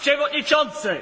przewodniczący!